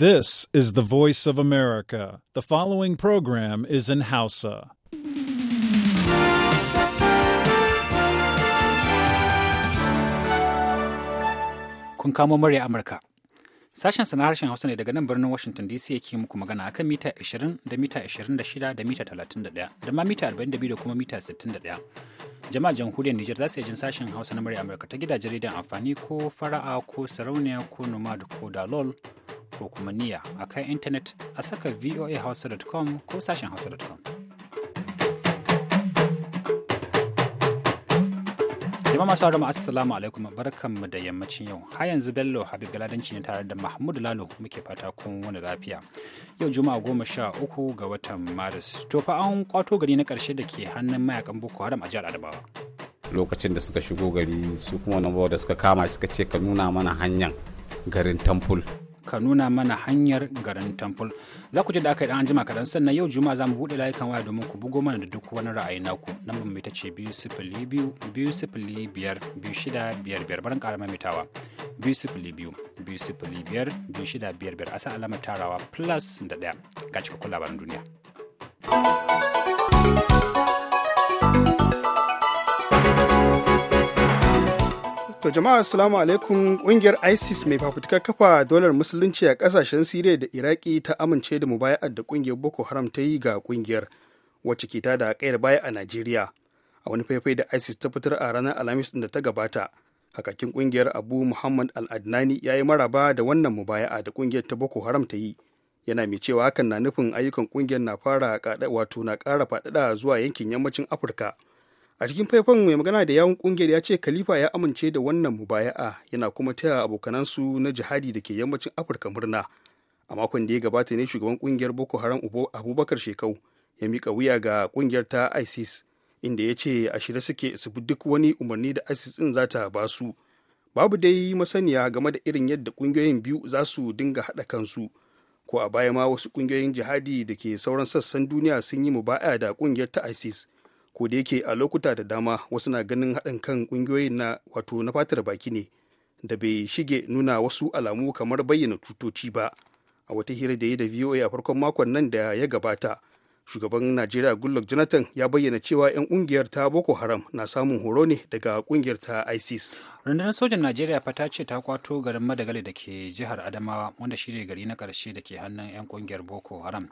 This is the voice of America. The following program is in Hausa. Kun kamo murya Amurka. Sashen sana harshen Hausa ne daga nan birnin Washington DC yake muku magana akan mita 20 da mita 26 da mita 31 da ma mita 42 da kuma mita 61. jama'a jamhuriyar Nijar za su yi jin sashen Hausa na murya Amurka ta gidajen rediyon amfani ko fara'a ko sarauniya ko nomad ko dalol ko kuma niyya a kan intanet a saka voahausa.com ko sashen hausa.com. jama'a masu haramu assalamu alaikum barkanmu da yammacin yau har yanzu bello habib galadanci ne tare da mahmud lalo muke fata kun wani lafiya yau juma'a goma sha uku ga watan maris to fa an kwato gari na karshe da ke hannun mayakan boko haram a jihar adamawa lokacin da suka shigo gari su kuma na da suka kama suka ce ka nuna mana hanyar garin temple ka nuna mana hanyar garin temple za ku ji da aka yi dan anjima kaɗan sannan yau juma'a za mu buɗe layukan waya domin ku bugo mana da duk wani ra'ayi naku lambar mai ta ce biyu sifili biyu biyu sifili biyar biyu shida biyar biyar barin ƙara mamitawa biyu sifili biyu biyu sifili biyar biyu shida biyar biyar a sa alamar tarawa plus da ɗaya ga cikakkun labaran duniya. thank you To jama'a assalamu alaikum kungiyar ISIS mai fafutukar kafa dolar musulunci a kasashen Siriya da Iraki ta amince da mubaya'ar da kungiyar Boko Haram ta yi ga kungiyar wacce ke ta da kayar baya a Najeriya. A wani faifai da ISIS ta fitar a ranar Alhamis din da ta gabata, hakakin kungiyar Abu Muhammad Al-Adnani ya yi maraba da wannan mubaya'a da kungiyar ta Boko Haram ta yi. Yana mai cewa hakan na nufin ayyukan kungiyar na fara wato na kara faɗaɗa zuwa yankin yammacin Afirka. a cikin faifan mai magana da yawun kungiyar ya ce khalifa ya amince da wannan mubaya'a yana kuma taya abokanansu na jihadi da ke yammacin afirka murna a makon da ya gabata ne shugaban kungiyar boko haram abubakar shekau ya mika wuya ga kungiyar ta isis inda ya ce a shirye suke su bi duk wani umarni da isis din za ta ba su babu dai masaniya game da irin yadda kungiyoyin biyu za su dinga haɗa kansu ko a baya ma wasu kungiyoyin jihadi da ke sauran sassan duniya sun yi mubaya da kungiyar ta isis ko da yake a lokuta da dama wasu na ganin haɗin kan ƙungiyoyin na wato na fatar baki ne da bai shige nuna wasu alamu kamar bayyana tutoci ba a wata hira da yi da voa a farkon makon nan da ya gabata shugaban najeriya goodluck jonathan ya bayyana cewa 'yan kungiyar ta boko haram na samun horo ne daga ƙungiyar ta isis rundunar sojan najeriya fata ce ta kwato garin madagali da ke jihar adamawa wanda shirya gari na karshe da ke hannun 'yan kungiyar boko haram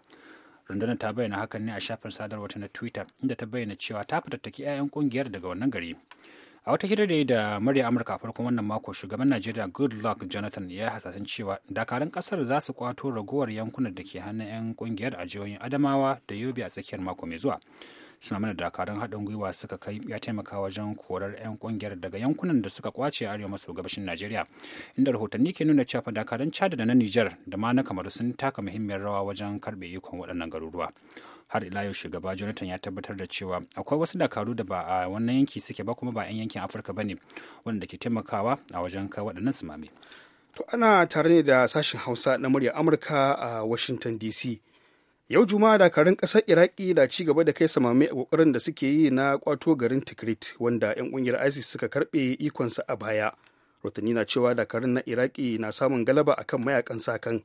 rundunar ta bayyana hakan ne a shafin sadarwata na twitter inda ta bayyana cewa ta fitattaki 'ya'yan kungiyar daga wannan gari a wata hira da ya da murya amurka farkon wannan mako shugaban najeriya goodluck jonathan ya hasasin cewa dakarun kasar za su kwato ragowar yankunan da ke hannun 'yan kungiyar a jihohin adamawa da yobe a tsakiyar mako mai zuwa suna mana dakarun haɗin gwiwa suka kai ya taimaka wajen korar 'yan kungiyar daga yankunan da suka kwace arewa maso gabashin najeriya inda rahotanni ke nuna cewa dakarun chad da na niger da ma na kamar sun taka muhimmiyar rawa wajen karɓe ikon waɗannan garuruwa har ila yau shugaba jonathan ya tabbatar da cewa akwai wasu dakaru da ba a wannan yanki suke ba kuma ba 'yan yankin afirka ba ne wanda ke taimakawa a wajen kai waɗannan sumame to ana tare ne da sashen hausa na murya amurka a washington dc yau juma'a dakarun kasar iraki da ci gaba da kai samame a kokarin da suke yi na kwato garin tikrit wanda 'yan ƙungiyar isis suka karbe ikonsa a baya rotani na cewa dakarun na iraki na samun galaba akan mayakan sakan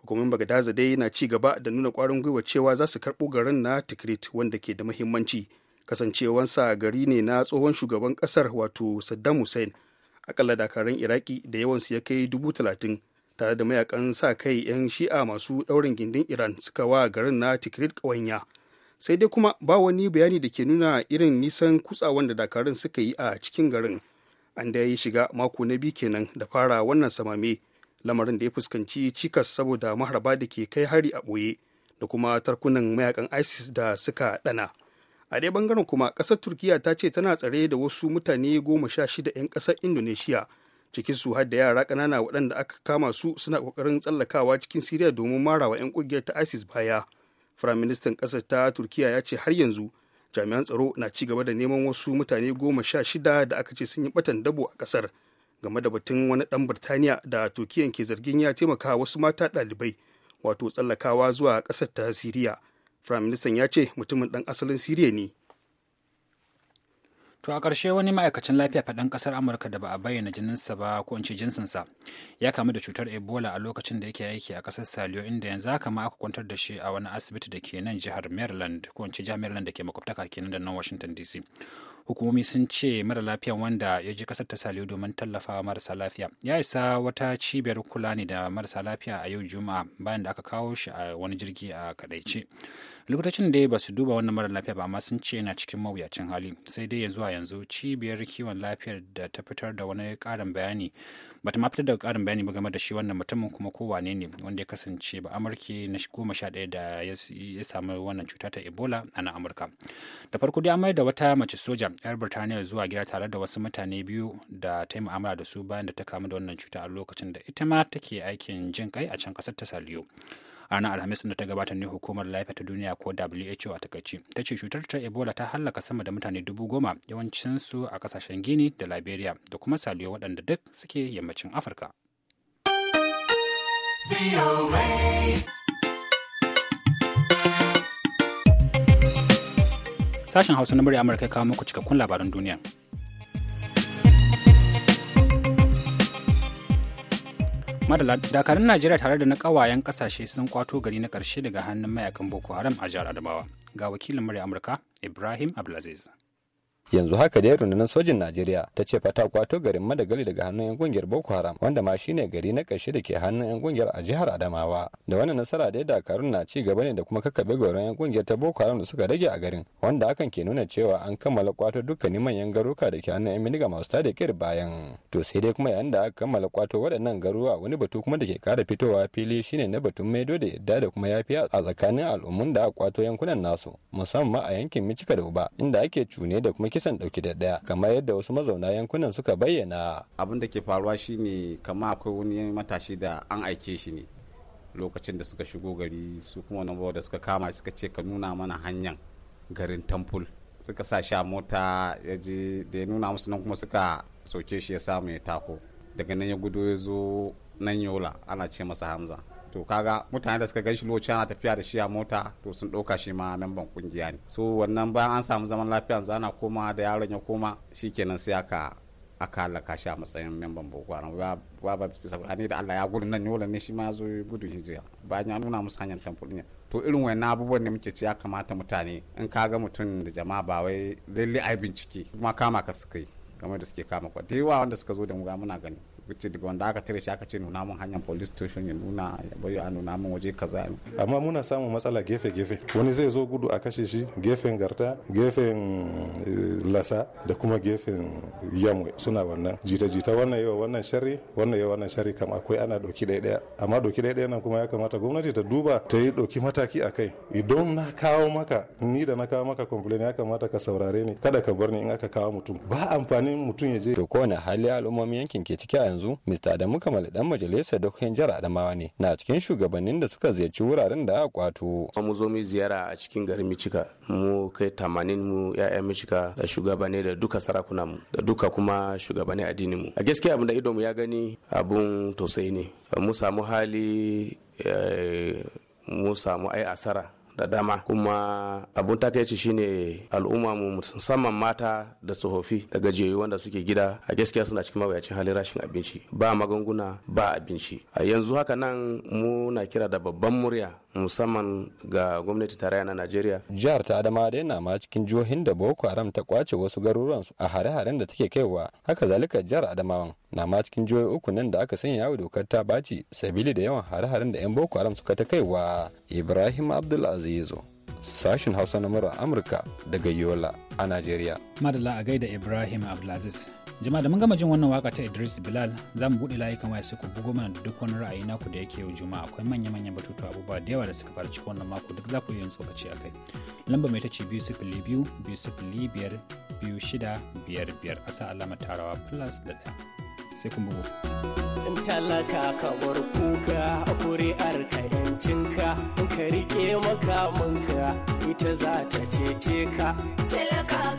hukumin bagadaza dai na ci gaba da nuna kwarin gwiwa cewa za su karbo garin na tikrit wanda ke da muhimmanci kasancewansa gari ne na tsohon shugaban kasar wato saddam hussein akalla dakarun iraki da yawansu ya kai dubu talatin tare da mayakan sa kai 'yan shi'a masu ɗaurin gindin iran suka wa garin na tikrit kawanya sai dai kuma ba wani bayani da ke nuna irin nisan kutsawan da dakarun suka yi a cikin garin an da ya yi shiga mako na biyu kenan da fara wannan samame lamarin da ya fuskanci cikas saboda maharba da ke kai hari a ɓoye da kuma tarkunan mayakan isis da suka ɗana a dai bangaren kuma ƙasar turkiya ta ce tana tsare da wasu mutane goma sha shida 'yan ƙasar indonesiya cikin su hadda da yara ƙanana waɗanda aka kama su suna ƙoƙarin tsallakawa cikin siriya domin marawa 'yan ƙungiyar ta isis baya firaministan ƙasar ta turkiya ya ce har yanzu jami'an tsaro na ci gaba da neman wasu mutane goma sha shida da aka ce sun yi batan dabo a ƙasar game da batun wani ɗan birtaniya da turkiyan ke zargin ya taimaka wasu mata ɗalibai wato tsallakawa zuwa ƙasar ta siriya firaministan ya ce mutumin ɗan asalin siriya ne To a ƙarshe wani ma'aikacin lafiya faɗan ƙasar Amurka da ba a bayyana jininsa ba ko in ce jinsinsa ya kamu da cutar Ebola a lokacin da yake aiki a ƙasar Saliyo inda yanzu aka ma aka kwantar da shi a wani asibiti da ke nan jihar Maryland ko in ce jihar Maryland da ke makwabtaka kenan da nan Washington DC. hukumomi sun ce mara lafiyan wanda ya ji kasar ta saliyo domin tallafa marasa lafiya ya isa wata cibiyar kula ne da marasa lafiya a yau juma'a bayan da aka kawo shi a wani jirgi a kadaice likitocin da ba su duba wannan mara lafiya ba amma sun ce yana cikin mawuyacin hali sai dai ya zuwa yanzu cibiyar kiwon lafiyar da ta fitar da wani karin bayani bata ma fitar da karin bayani ba game da shi wannan mutumin kuma ko wane ne wanda ya kasance ba amurke na goma sha ɗaya da ya samu wannan cuta ta ebola a nan amurka da farko dai an da wata mace soja yar birtaniya zuwa gida tare da wasu mutane biyu da ta yi mu'amala da su bayan da ta kamu da wannan cuta a lokacin da ita ma take aikin jin kai a can kasar ta saliyo a ranar alhamis da ta gabata ne hukumar lafiya ta duniya ko who a takaici ta ce cutar ta ebola ta hallaka sama da mutane dubu goma yawancinsu a kasashen gini da liberia da kuma saliyo waɗanda duk suke yammacin afirka Sashen Hausa na murya Amurka ya kawo muku cikakkun labaran duniya. madala dakarun najeriya tare da na kawayen kasashe sun kwato gari na karshe daga hannun mayakan boko haram a jihar adamawa ga wakilin murya amurka ibrahim abdulaziz yanzu haka dai rundunar sojin najeriya ta ce fata kwato garin madagali daga hannun yan kungiyar boko haram wanda ma shine gari na ƙarshe da ke hannun yan kungiyar a jihar adamawa da wannan nasara dai dakarun na ci gaba ne da kuma kakkaɓe goron yan kungiyar ta boko haram da suka rage a garin wanda hakan ke nuna cewa an kammala kwato dukkanin manyan garuka da ke hannun yan miniga masu tada kir bayan to sai dai kuma yayin da aka kammala kwato waɗannan garuwa wani batu kuma da ke ƙara fitowa fili shine na batun maido da yadda da kuma yafiya a tsakanin al'ummun da aka kwato yankunan nasu musamman a yankin micika da uba inda ake cune da kuma kisan ɗauki da ɗaya kamar yadda wasu mazauna yankunan suka bayyana abin da ke faruwa shine kama akwai wani matashi da an aike shi ne lokacin da suka shigo gari su kuma wani da suka kama suka ce ka nuna mana hanyar garin tamful suka sa sha mota ya je da ya nuna musu nan kuma suka soke shi ya samu ya tako daga nan ya gudo ya zo nan yola ana ce masa hamza to kaga mutane da suka gan shi lokaci ana tafiya da shi a mota to sun ɗauka shi ma memban kungiya ne so wannan bayan an samu zaman lafiya zana koma da yaron ya koma kenan sai aka aka halaka shi a matsayin memban boko haram ba ba bisa ne da Allah ya gudu nan yola ne shi ma zo gudu hijira bayan ya nuna musu hanyar tamfur ne to irin wani abubuwan ne muke ci ya kamata mutane in ka ga mutum da jama'a ba wai lalle ai bincike kuma kama ka suka yi kamar da suke kama kwa da yawa wanda suka zo da mu muna gani wuce daga wanda aka tare shi aka ce nuna mun hanyar police station ya nuna ya bayo a nuna mun waje kaza amma muna samun matsala gefe gefe wani zai zo gudu a kashe shi gefen garta gefen eh, lasa da kuma gefen yamwe suna wannan jita jita wannan yawa wannan shari wannan yawa wannan shari kam akwai ana doki ɗaya daya amma doki ɗaya daya nan kuma ya kamata gwamnati ta duba ta yi doki mataki a kai idan na kawo maka ni da na kawo maka complain ya kamata ka saurare ni kada ka bar ni in aka kawo mutum ba amfanin mutum ya je to kowane hali al'ummomin yankin ke ciki a yanzu yanzu mr adamu kamal dan majalisar dokokin jihar adamawa ne na cikin shugabannin da suka ziyarci wuraren da aka kwato mu zo mu ziyara a cikin garin michika mu kai tamanin mu ya'yan michika da shugabanni da duka sarakuna mu da duka kuma shugabanni addini mu a gaskiya abin da ido mu ya gani abun tosai ne mu samu hali eh, mu samu ai asara da dama kuma abun takaici shine al'umma mu musamman mata da tsofaffi da gajiyoyi wanda suke gida a gaskiya suna cikin mawuyacin halin rashin abinci ba magunguna ba abinci a yanzu haka nan mu na kira da babban murya musamman ga gwamnati tarayya na najeriya jihar ta adama dai na ma cikin jihohin da boko haram ta kwace wasu garuruwansu a hare-haren da take kaiwa haka zalika jihar adamawan na ma cikin jihohi uku nan da aka sanya wa dokar ta baci sabili da yawan hare-haren da 'yan boko haram suka ta kaiwa ibrahim abdulaziz sashin hausa na amurka daga yola a najeriya madala a gaida ibrahim abdulaziz jama'a da mun gama jin wannan waka ta Idris Bilal za mu buɗe layukan waya sai ku bugo mana duk wani ra'ayi naku da yake yau juma'a akwai manya-manyan batutu abubuwa da yawa da suka fara cikin wannan mako duk za ku yi tsokaci a kai lamba mai ta ce biyu sifili biyu biyu sifili biyar biyu shida biyar biyar a sa alamar tarawa plus da ɗaya sai kun bugo. In talaka ka bar kuka a kuri'ar ka yancinka in ka riƙe makamanka ita za ta cece ka.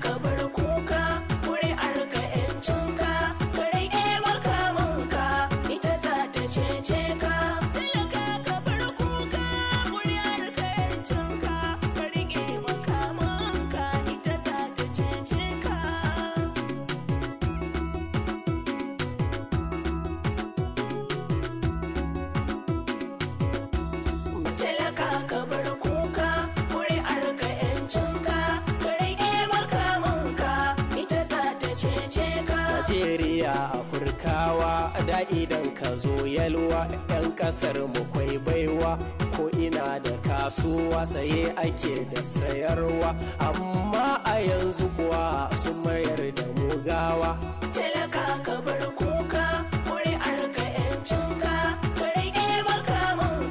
kasar mu kwai baiwa ko ina da kasuwa saye ake da sayarwa amma a yanzu kuwa sun mayar da mugawa talaka ka bar kuka ƙuri'ar yancinka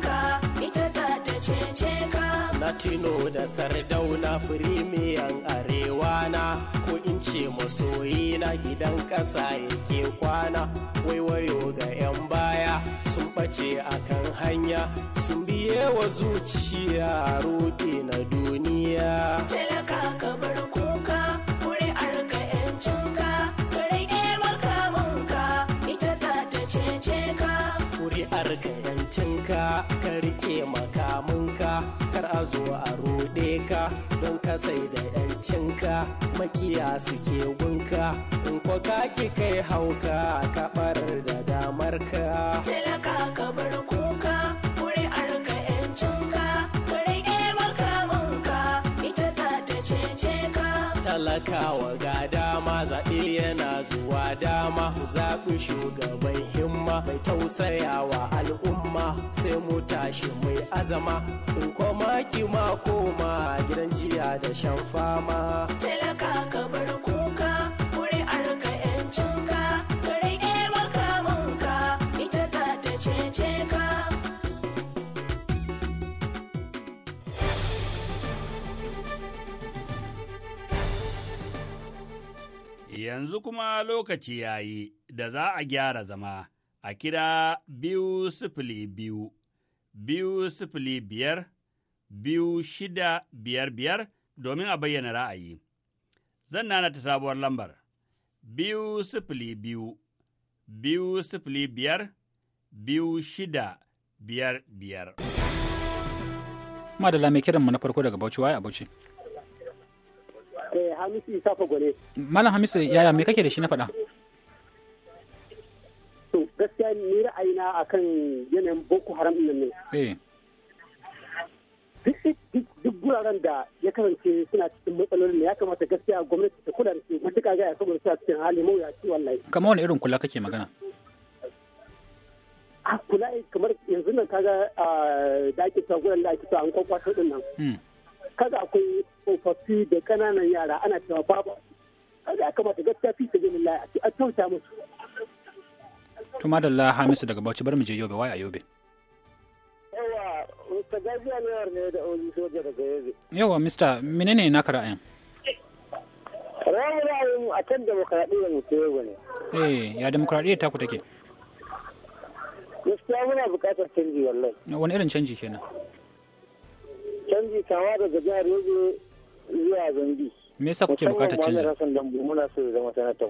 ka ita za ta cece ka da sardauna firimiyan arewa na ko in ce masoyi na gidan ƙasa yake kwana waiwayo ga 'yan baya sun ɓace a kan hanya sun biye wa zuciya roɗe na duniya talaka ka bar kuka kuri ka yancinka ka rage makamanka ita za ta cece ka kuri'ar ka yancinka ka rike makamunka, kar a zo a ka don ka sai da yancinka makiya suke gunka in ko ka ki kai hauka ka barar da damar ka talaka ka bar kuka wuri arka yancinka maka e makamanka ita za ta cece ka talakawa gari zuwa dama zaɓin shugaban himma mai tausayawa al'umma sai mu tashi mai azama in koma ki ma koma gidan jiya da shan fama talaka ka yanzu kuma lokaci ya yi da za a gyara zama a kira biyu sifili biyu, biyu sifili biyar, biyu shida biyar biyar domin a bayyana ra'ayi. Zan nana ta sabuwar lambar, biyu sifili biyu, biyu sifili biyar, biyu shida biyar biyar. Madalla mai kiranmu na farko daga Bauchi, waye a Bauchi? Eh, Hamisu Isa Fagole. Malam Hamisu yaya me kake da shi na faɗa? To gaskiya ni ra'ayina kan yanayin Boko Haram ɗin ne. Eh. Duk guraren da ya kasance suna cikin matsalolin ya kamata gaskiya gwamnati ta kula da su matuƙa gaya saboda suna cikin hali mawuyaci wallahi. Kamar wani irin kula kake magana? A ah, kula kamar yanzu nan kaga ah, da ake sa gurin da ake sa an kwakwato ɗin nan. Hmm. Kaga akwai tsofaffi da kananan yara ana cewa babu kada ya kamata gaskiya fi ta jinin lai a tauta musu. Tuma da madalla hamisu daga bauchi bar mu je yobe waya yobe. yawa mista gajiya na yawar ne da oji soja daga yobe. yawa mista menene naka ra'ayin. ra'ayin ra'ayin a kan demokradiyyar mu yobe ne. eh ya demokradiyyar taku take. gaskiya muna buƙatar canji wallai. wani irin canji kenan. canji kawa daga jihar yobe zuwa zambi me yasa kuke bukatar canji musamman dambu muna so zama sanatan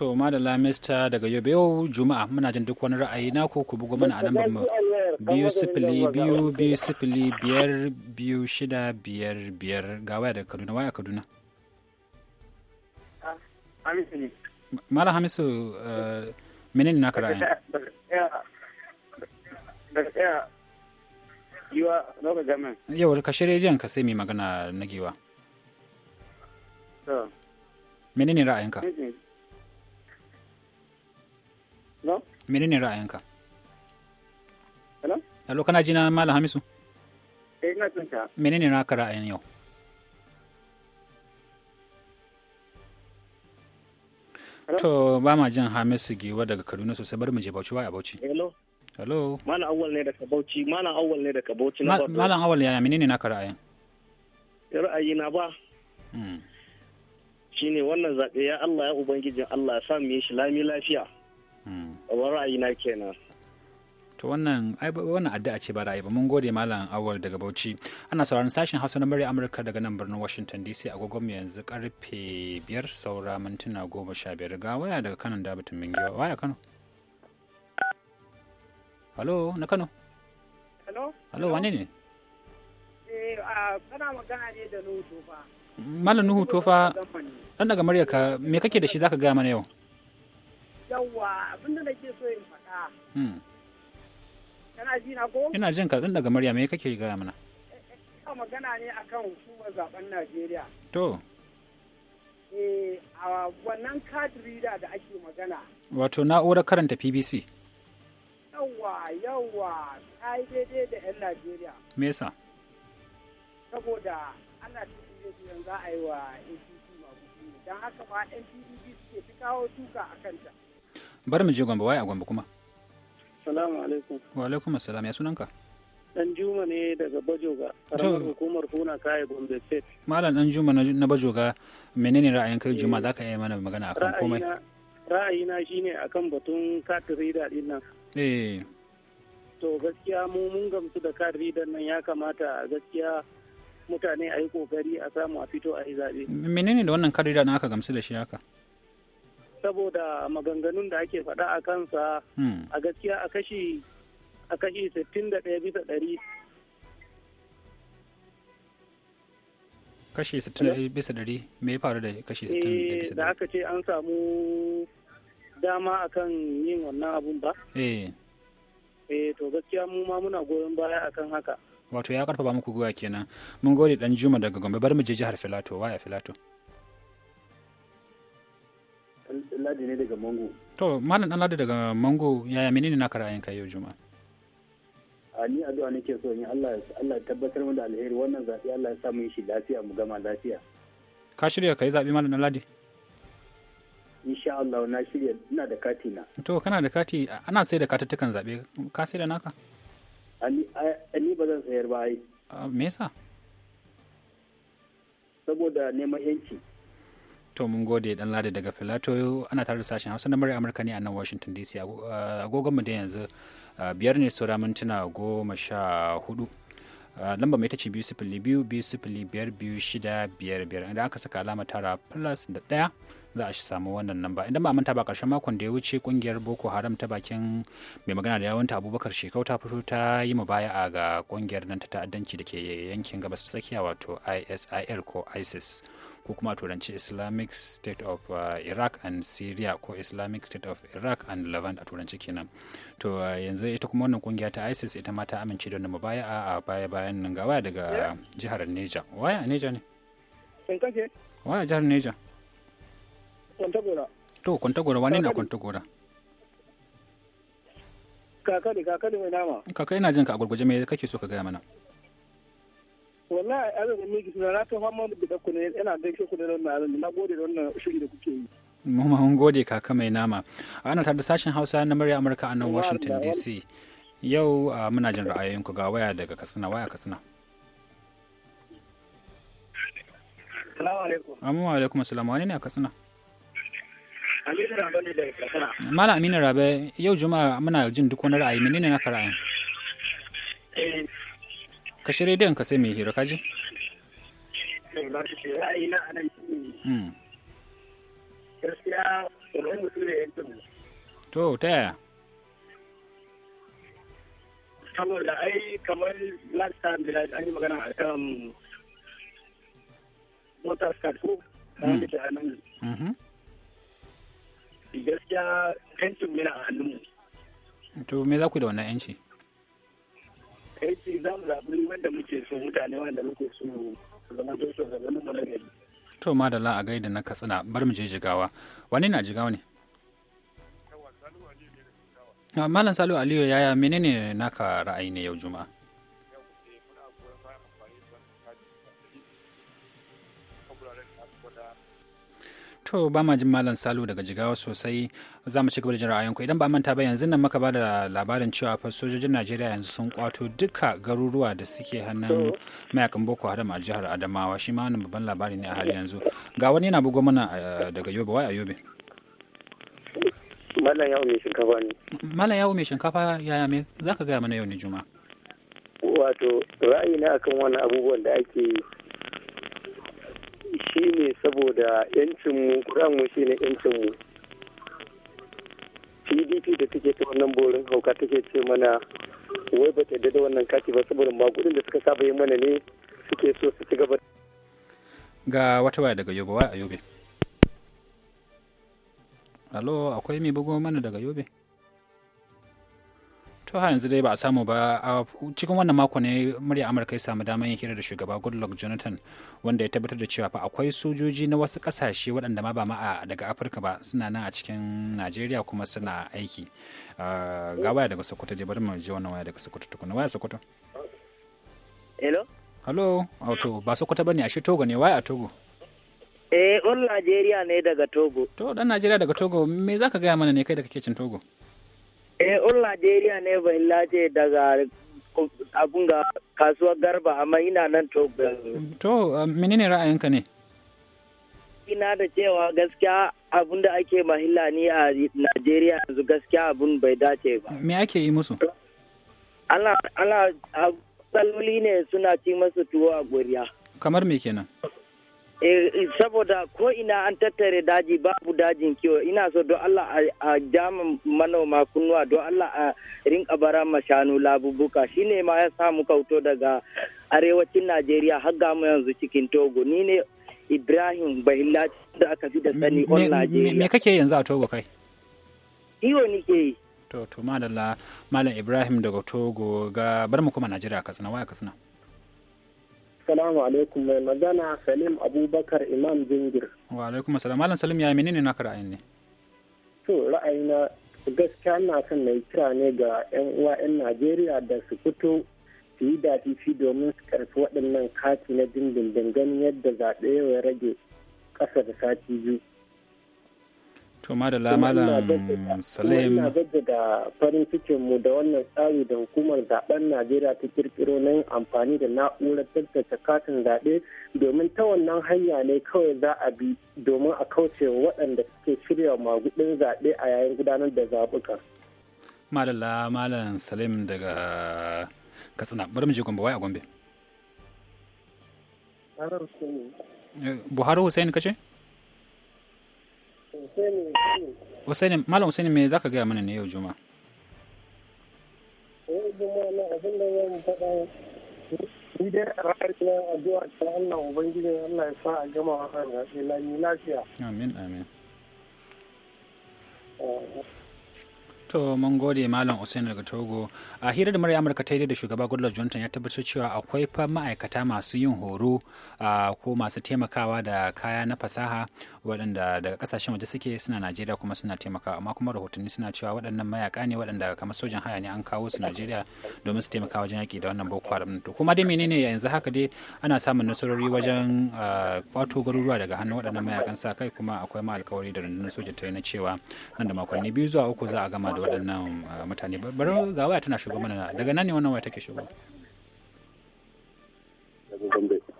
mu to mista daga yobe yau juma'a muna jin duk wani ra'ayi ko ku bugo mana a lambar mu biyu sifili biyu biyu sifili biyar biyu shida biyar biyar ga waya daga kaduna waya kaduna Mala ah, Hamisu eh, menene ka ra'ayi? Giwa local Yau ka shirya jiyan ka sai mai magana na giwa. Mene Menene ra'ayinka? No? Menene ra'ayinka? Hello? Hello kana ji na Malam Hamisu? Eh ina tunta. Mene Menene ra'aka ra'ayin yau? To ba ma jin Hamisu Giwa daga Kaduna sosai bari mu je Bauchi wa a Bauchi. Hello? hello malam awal ne daga bauchi malam awal ne daga bauchi malam awal yaya menene naka ra'ayin ra'ayi na ba hmm. shine wannan zaɓe ya Allah ya ubangijin Allah ya sa mu yi shi lami lafiya hmm. a ra'ayi na kenan to wannan wannan addu'a ce ba ra'ayi ba mun gode malam awal daga Bauchi ana sauraron sashen Hausa na murya Amurka daga nan birnin Washington DC agogon mu yanzu karfe 5 saura mintuna 15 ga waya daga kanan da batun mingiwa waya Kano Halo na Kano. Halo. Halo wane ne? Eh kana magana ne da Nuhu Tofa. Malam Nuhu Tofa dan daga murya ka me kake da shi zaka gaya mana yau? Yawwa da nake so in faɗa. Hmm. Kana ji na ko? Ina jin ka dan daga murya me kake gaya mana? Ina magana ne akan hukumar zaben Najeriya. To. Eh a wannan kadiri da ake magana. Wato na'urar karanta PBC. yawa yawa ta yi daidai da 'yan Najeriya. Me yasa? Saboda ana cikin yanzu za a yi wa APC magudu don haka ma 'yan PDP suke fi kawo tuka a kanta. Bar mu je gwamba waya a gwamba kuma? Salamu alaikum. Wa alaikum assalam, ya sunanka? Dan Juma ne daga Bajoga, karamar hukumar kuna kaya Gombe State. Malam Dan Juma na Bajoga, menene ra'ayin kai Juma eh. za ka iya mana magana akan komai? Ra'ayina shine akan batun katin rida din nan. eh to gaskiya mu mun gamsu da kan ridan nan ya kamata gaskiya mutane a yi kokari a samu a fito a yi zaɓe. menene da wannan kan ridan aka gamsu da shi haka saboda maganganun da ake faɗa a kansa hmm. a gaskiya a kashi a kashi 61 bisa ɗari. kashi 61 bisa ɗari me ya faru da kashi 61 eh, bisa ɗari? da aka ce an samu dama akan yin wannan abun ba eh eh to gaskiya mu ma muna goyon baya akan haka wato ya karfafa muku goya kenan mun gode dan juma daga gombe bar mu je jihar filato waya filato ladi ne daga mango to malam dan ladi daga mango yaya menene naka ra'ayin kai yau juma a ni addu'a nake so in Allah Allah tabbatar mu da alheri wannan zabi Allah ya sa mu yi shi lafiya mu gama lafiya ka shirya kai zabi malam dan ladi insha Allah na shirya ina da kati na to kana da kati ana sai da katattukan zabe ka sai da naka ni ba zan sayar ba ai me yasa saboda neman yanci to mun gode dan lada daga filato ana tare da sashen hausa na murya amurka ne a nan washington dc agogon mu da yanzu biyar ne saura mintuna goma sha hudu Ah, lamba mai ta ce biyu sifili biyu biyu sifili biyar biyu shida biyar biyar idan aka saka alama tara plus da ɗaya za a shi samu wannan lamba inda ba manta ba karshen makon da ya wuce kungiyar boko haram ta bakin mai magana da yawanta abubakar shekau ta fito ta yi mu baya a ga kungiyar nan ta ta'addanci da ke yankin gabas tsakiya wato isil ko isis ko kuma turanci islamic state of uh, iraq and syria ko islamic state of iraq and levant a turanci kenan to uh, yanzu ita kuma wannan kungiya ta isis ita ma ta amince da wannan baya a baya bayan nan ga waya daga jihar neja waya a neja ne waya jihar neja to kwantagora wani na kwantagora kaka da kaka da mai nama kaka ina jin ka a gurguje me kake so ka gaya mana wallahi azumin miki suna na ta fama da ku ne yana gaishe ku da wannan azumin na gode da wannan shiri da kuke yi mu mun gode kaka mai nama ana tare da sashen Hausa na murya Amurka a nan Washington DC yau muna jin ra'ayoyinku ga waya daga Katsina waya Katsina Assalamu alaikum. Amma alaikum assalam wani ne a Katsina? Aminu Rabe ne daga Katsina. Malam Aminu Rabe yau Juma'a muna jin duk wani ra'ayi ne na ka ra'ayin? Eh, ka shi rediyon ka sai mai hira kaji hmm. to ta yaya saboda ai kamar last time da an yi magana a kan motar ko hmm. mm-hmm. gaskiya yancin mina a hannunmu to me za ku da wannan yanci za mu zaɓi wanda muke so mutane wanda muke so zama to so zama mu na gari. To a gaida na katsina bar mu je jigawa. Wani na jigawa ne? Ah, Malam Salihu Aliyu yaya menene naka ra'ayi ne yau Juma'a? to ba ma jin malam salu daga jigawa sosai za mu ci gaba da jin ra'ayinku idan ba manta ba yanzu nan muka ba da labarin cewa fa sojojin najeriya yanzu sun kwato duka garuruwa da suke hannun mayakan boko haram a jihar adamawa shi ma wannan babban labari ne a har yanzu ga wani yana bugo mana eh, daga yobe wai a yobe malam yawo mai shinkafa ne malam yawo mai shinkafa yaya me zaka gaya mana yau ne juma'a wato ra'ayi na akan wannan abubuwan da ake shi ne saboda yancinmu mu shi ne yancinmu pdp da take ta wannan borin hauka take ce mana wai ba ta da wannan kati ba saboda magudin da suka saba yi mana ne suke so su ci gaba ga wata waya daga yobe waya a yobe alo akwai mai bugo mana daga yobe to har yanzu dai ba a samu ba a cikin wannan mako ne murya amurka ya samu damar yin hira da shugaba goodluck jonathan wanda ya tabbatar da cewa fa akwai sojoji na wasu kasashe waɗanda ma ba ma daga afirka ba suna nan a cikin najeriya kuma suna aiki ga waya daga sokoto dai bari mu je wannan waya daga sokoto tukuna waya sokoto hello hello auto oh, ba sokoto bane ashe togo ne waya a togo eh on najeriya ne daga togo to dan najeriya daga togo me zaka gaya mana ne kai da kake cin togo Eh, un Najeriya ne bai ce daga abun ga kasuwar garba amma ina nan to. To, um, menene ra'ayinka ne? Ina da cewa gaskiya abun da ake mahila ni a Najeriya yanzu gaskiya abun bai dace ba. Me ake yi musu? Ana, ana, ne suna ci masu tuwo a guriya. Kamar me kenan? Eh, saboda ko ina an tattare daji babu dajin kiwo ina so don Allah a jama manoma kunnuwa don Allah a rinka bara ma shanu labubuka shine ma ya samu kauto daga arewacin Najeriya har ga mu yanzu cikin Togo ni ne Ibrahim Bahilla da aka fi da sani on Najeriya me kake yanzu a Togo kai Kiwo nike yi to to malalla malam Ibrahim daga Togo ga bar mu kuma Najeriya Katsina waya Katsina Assalamu alaikum mai magana Salim Abubakar Imam Jingir. Wa alaikum assalam. Malam Salim ya menene naka ra'ayin ne? To na gaskiya ina son na kira ne ga 'yan uwa 'yan Najeriya da su fito su yi fi domin su karfi waɗannan kati na dindindin ganin yadda zaɓe ya rage ƙasa da sati biyu. to madalla malam salim ina jaddada farin cikin mu da wannan tsari da hukumar zaben najeriya ta kirkiro na amfani da na'urar tattace katin zaɓe domin ta wannan hanya ne kawai za a bi domin a kauce waɗanda suke shirya magudin zaɓe a yayin gudanar da zaɓuka madalla malam salim daga katsina bari mu je gombe wai a gombe eh, buhari hussein kace? Malam Hussaini me zaka gaya mana ne yau juma Yau na abin da addu'a ta Allah Ubangiji Allah ya sa a gama wannan lafiya. Amin amin. to mun gode malam usain daga togo a hira da murya amurka ta yi da shugaba goodluck jonathan ya tabbatar cewa akwai fa ma'aikata masu yin horo ko masu taimakawa da kaya na fasaha waɗanda daga kasashen waje suke suna najeriya kuma suna taimakawa amma kuma rahotanni suna cewa waɗannan mayaka ne waɗanda kamar sojan haya ne an kawo su najeriya domin su taimaka wajen yaƙi da wannan boko haram to kuma dai menene yanzu haka dai ana samun nasarori wajen kwato garuruwa daga hannun waɗannan mayakan sa kai kuma akwai ma alkawari da rundunar soja ta yi na cewa nan da makonni biyu zuwa uku za a gama waɗannan ah, mutane bari ga waya tana shugaba mana daga nan ne wannan waya take shugaba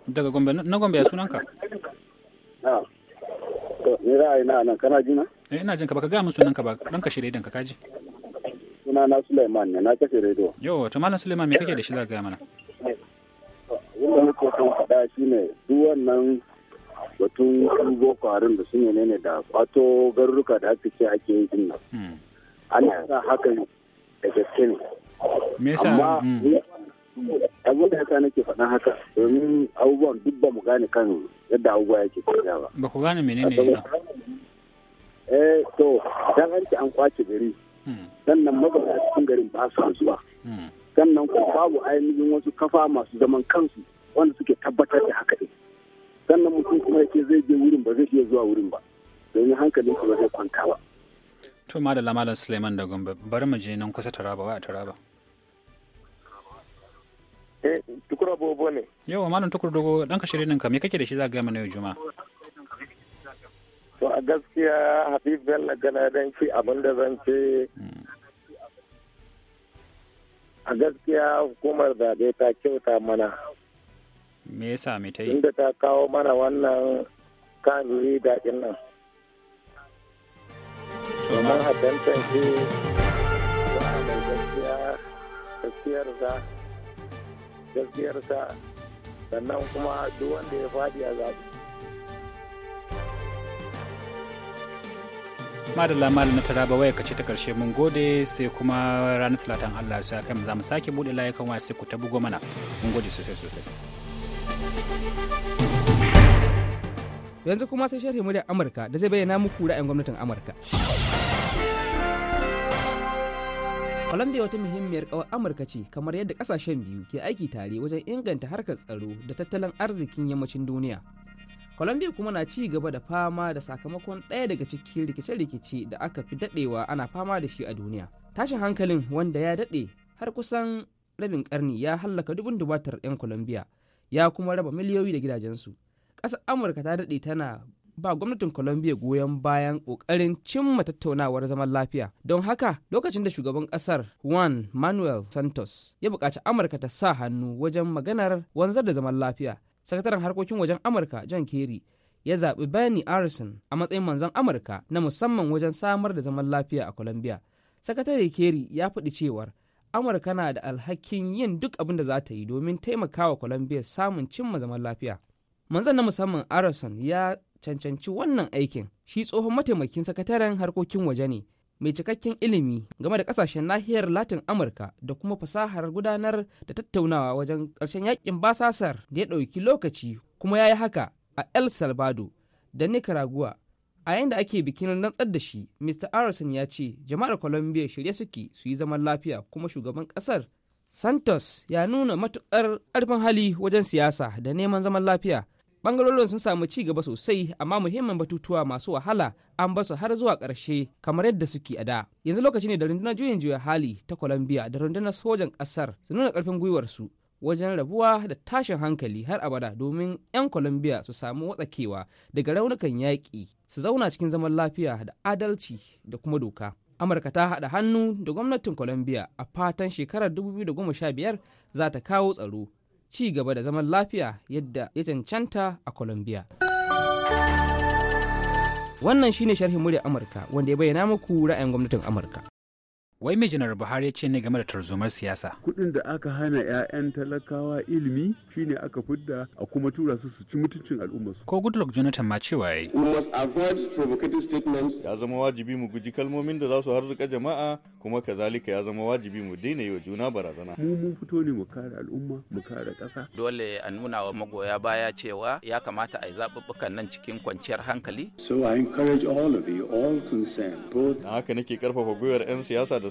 daga gombe na gombe ya sunanka ni ra'ayi na nan kana jina eh ina jinka baka ga mun sunanka ba ɗan ka redon ka kaji suna na Suleiman ne na kashe rediyo yo to malam Suleiman me kake da shi za ka ga mana wanda nake son faɗa shine duk wannan batun boko harin da sun ne ne da kwato garuruka da aka ce ake yin nan hmm. ana sa hakan da gaske ne me yasa mm. abin da haka nake faɗan haka domin abubuwan duk ba mu gane kan yadda abubuwa yake tafiya ba ba ku gane menene ne eh to dan an ci an kwace gari mm. sannan mazauna cikin garin ba su zuwa mm. sannan ko babu ainihin wasu kafa masu zaman kansu wanda suke tabbatar da haka ɗin sannan mutum kuma yake zai je wurin ba zai iya zuwa wurin ba domin hankalin ba zai kwanta ba to da malam suleiman da gombe bari mu je nan kusa taraba wa taraba eh tukura bobo ne Yau malam tukur dogo dan ka shirin ka me kake da shi za ga mana yau juma. to a gaskiya habib bello gana dan shi abin da zan ce a gaskiya hukumar zaɓe ta kyauta mana me yasa me ta yi inda ta kawo mana wannan kan da daɗin nan domin haddantan shi ba mai gaskiya gaskiyarsa gaskiyarsa sannan kuma duk wanda ya fadi a zaɓi. madalla malam na taraba waya kace ta karshe mun gode sai kuma ranar talatin allah su ya kai mu za mu sake bude layukan wasu sai ku ta bugo mana mun gode sosai sosai yanzu kuma sai mu da amurka da zai bayyana muku ra'ayin gwamnatin amurka Holanda wata muhimmiyar kawar Amurka ce kamar yadda kasashen biyu ke aiki tare wajen inganta harkar tsaro da tattalin arzikin yammacin duniya. Colombia kuma na ci gaba da fama da sakamakon ɗaya daga cikin rikice-rikice da aka fi daɗewa ana fama da shi a duniya. Tashin hankalin wanda ya daɗe har kusan rabin ƙarni ya hallaka dubun dubatar 'yan Colombia ya kuma raba miliyoyi da gidajensu. Ƙasar Amurka ta daɗe tana ba gwamnatin Colombia goyon bayan kokarin cimma tattaunawar zaman lafiya. Don haka lokacin da shugaban kasar Juan Manuel Santos ya bukaci Amurka ta sa hannu wajen maganar wanzar da zaman lafiya. Sakataren harkokin wajen Amurka John Kerry ya zaɓi bernie Arison a matsayin manzon Amurka na musamman wajen samar da zaman lafiya a Colombia. Sakatare Kerry ya faɗi cewar Amurka na da alhakin yin duk abin da za ta yi domin taimakawa Colombia samun cimma zaman lafiya. Manzan na musamman Arison ya cancanci wannan aikin shi tsohon mataimakin sakataren harkokin waje ne mai cikakken ilimi game da kasashen nahiyar latin amurka da kuma fasahar gudanar da tattaunawa wajen ƙarshen yakin basasar da ya ɗauki lokaci kuma ya yi haka a el salvador da nicaragua a yayin da ake bikin rantsar da shi mr arison ya ce jama'ar colombia shirye suke su yi zaman lafiya kuma shugaban kasar. santos ya nuna matuƙar karfin hali wajen siyasa da neman zaman lafiya bangarorin sun samu ci gaba sosai amma muhimman batutuwa masu wahala an basu har zuwa ƙarshe kamar yadda suke a da yanzu lokaci ne da rundunar juyin juya hali ta colombia da rundunar sojan ƙasar su nuna ƙarfin gwiwarsu wajen rabuwa da tashin hankali har abada domin 'yan colombia su samu watsakewa daga raunukan yaƙi su zauna cikin zaman lafiya da adalci da kuma doka amurka ta haɗa hannu da gwamnatin colombia a fatan shekarar 2015 za ta kawo tsaro ci gaba da zaman lafiya yadda ya cancanta a Colombia. Wannan shine sharhin murya Amurka wanda ya bayyana muku ra'ayin gwamnatin Amurka. Wai mai janar Buhari ya ce ne game da tarzomar siyasa. Kuɗin da aka hana 'ya'yan talakawa ilimi shine aka fidda a kuma tura su su ci mutuncin al'ummarsu. Ko Goodluck Jonathan ma cewa yi Ya zama wajibi mu guji kalmomin da za su harzuka jama'a kuma kazalika ya zama wajibi mu daina yi wa juna barazana. Mu mun fito ne mu kare al'umma mu kare ƙasa. Dole a nuna wa magoya baya cewa ya kamata a yi zaɓuɓɓukan nan cikin kwanciyar hankali. So I encourage all of you all concerned. Na haka nake karfafa gwiwar 'yan siyasa da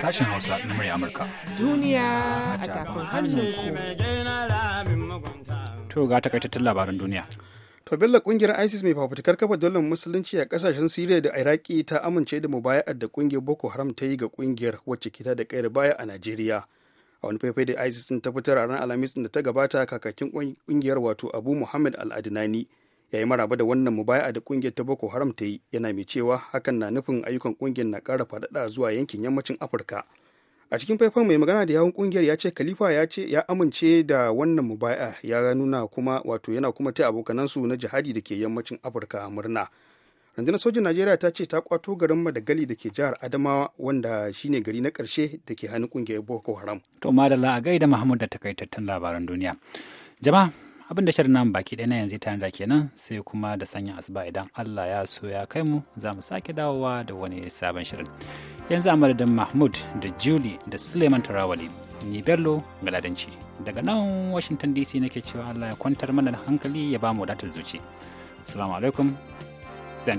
Sashen Hausa na murya Amurka. Duniya a tafin hannunku. To ga takaitattun labaran duniya. To Bello kungiyar ISIS mai fafutukar kafa dole musulunci a kasashen syria da Iraki ta amince da mubaya'ar da kungiyar Boko Haram ta yi ga kungiyar wacce ke da kayar baya a Najeriya. A wani faifai da ISIS ta fitar a ranar Alhamis da ta gabata kakakin kungiyar wato Abu Muhammad Al-Adnani. ya yi maraba da wannan mubaya'a da kungiyar ta boko haram ta yi yana mai cewa hakan na nufin ayyukan kungiyar na kara faɗaɗa zuwa yankin yammacin afirka a cikin faifan mai magana da yawun kungiyar ya ce khalifa ya ce ya amince da wannan mubaya ya nuna kuma wato yana kuma ta abokanansu na jihadi da ke yammacin afirka murna rundunar sojin najeriya ta ce ta kwato garin madagali da ke jihar adamawa wanda shine gari na karshe da ke hannun kungiyar boko haram to madalla a gaida mahmud da takaitattun labaran duniya jama'a abin da shirin nan baki ɗaya na yanzu ta da kenan sai kuma da sanyin asuba idan Allah ya so ya kai mu za mu sake dawowa da wani sabon shirin yanzu a madadin Mahmud da juli da Suleiman Tarawali ni Bello Galadanci daga nan Washington DC nake cewa Allah ya kwantar mana hankali ya ba mu wadatar zuci assalamu alaikum sai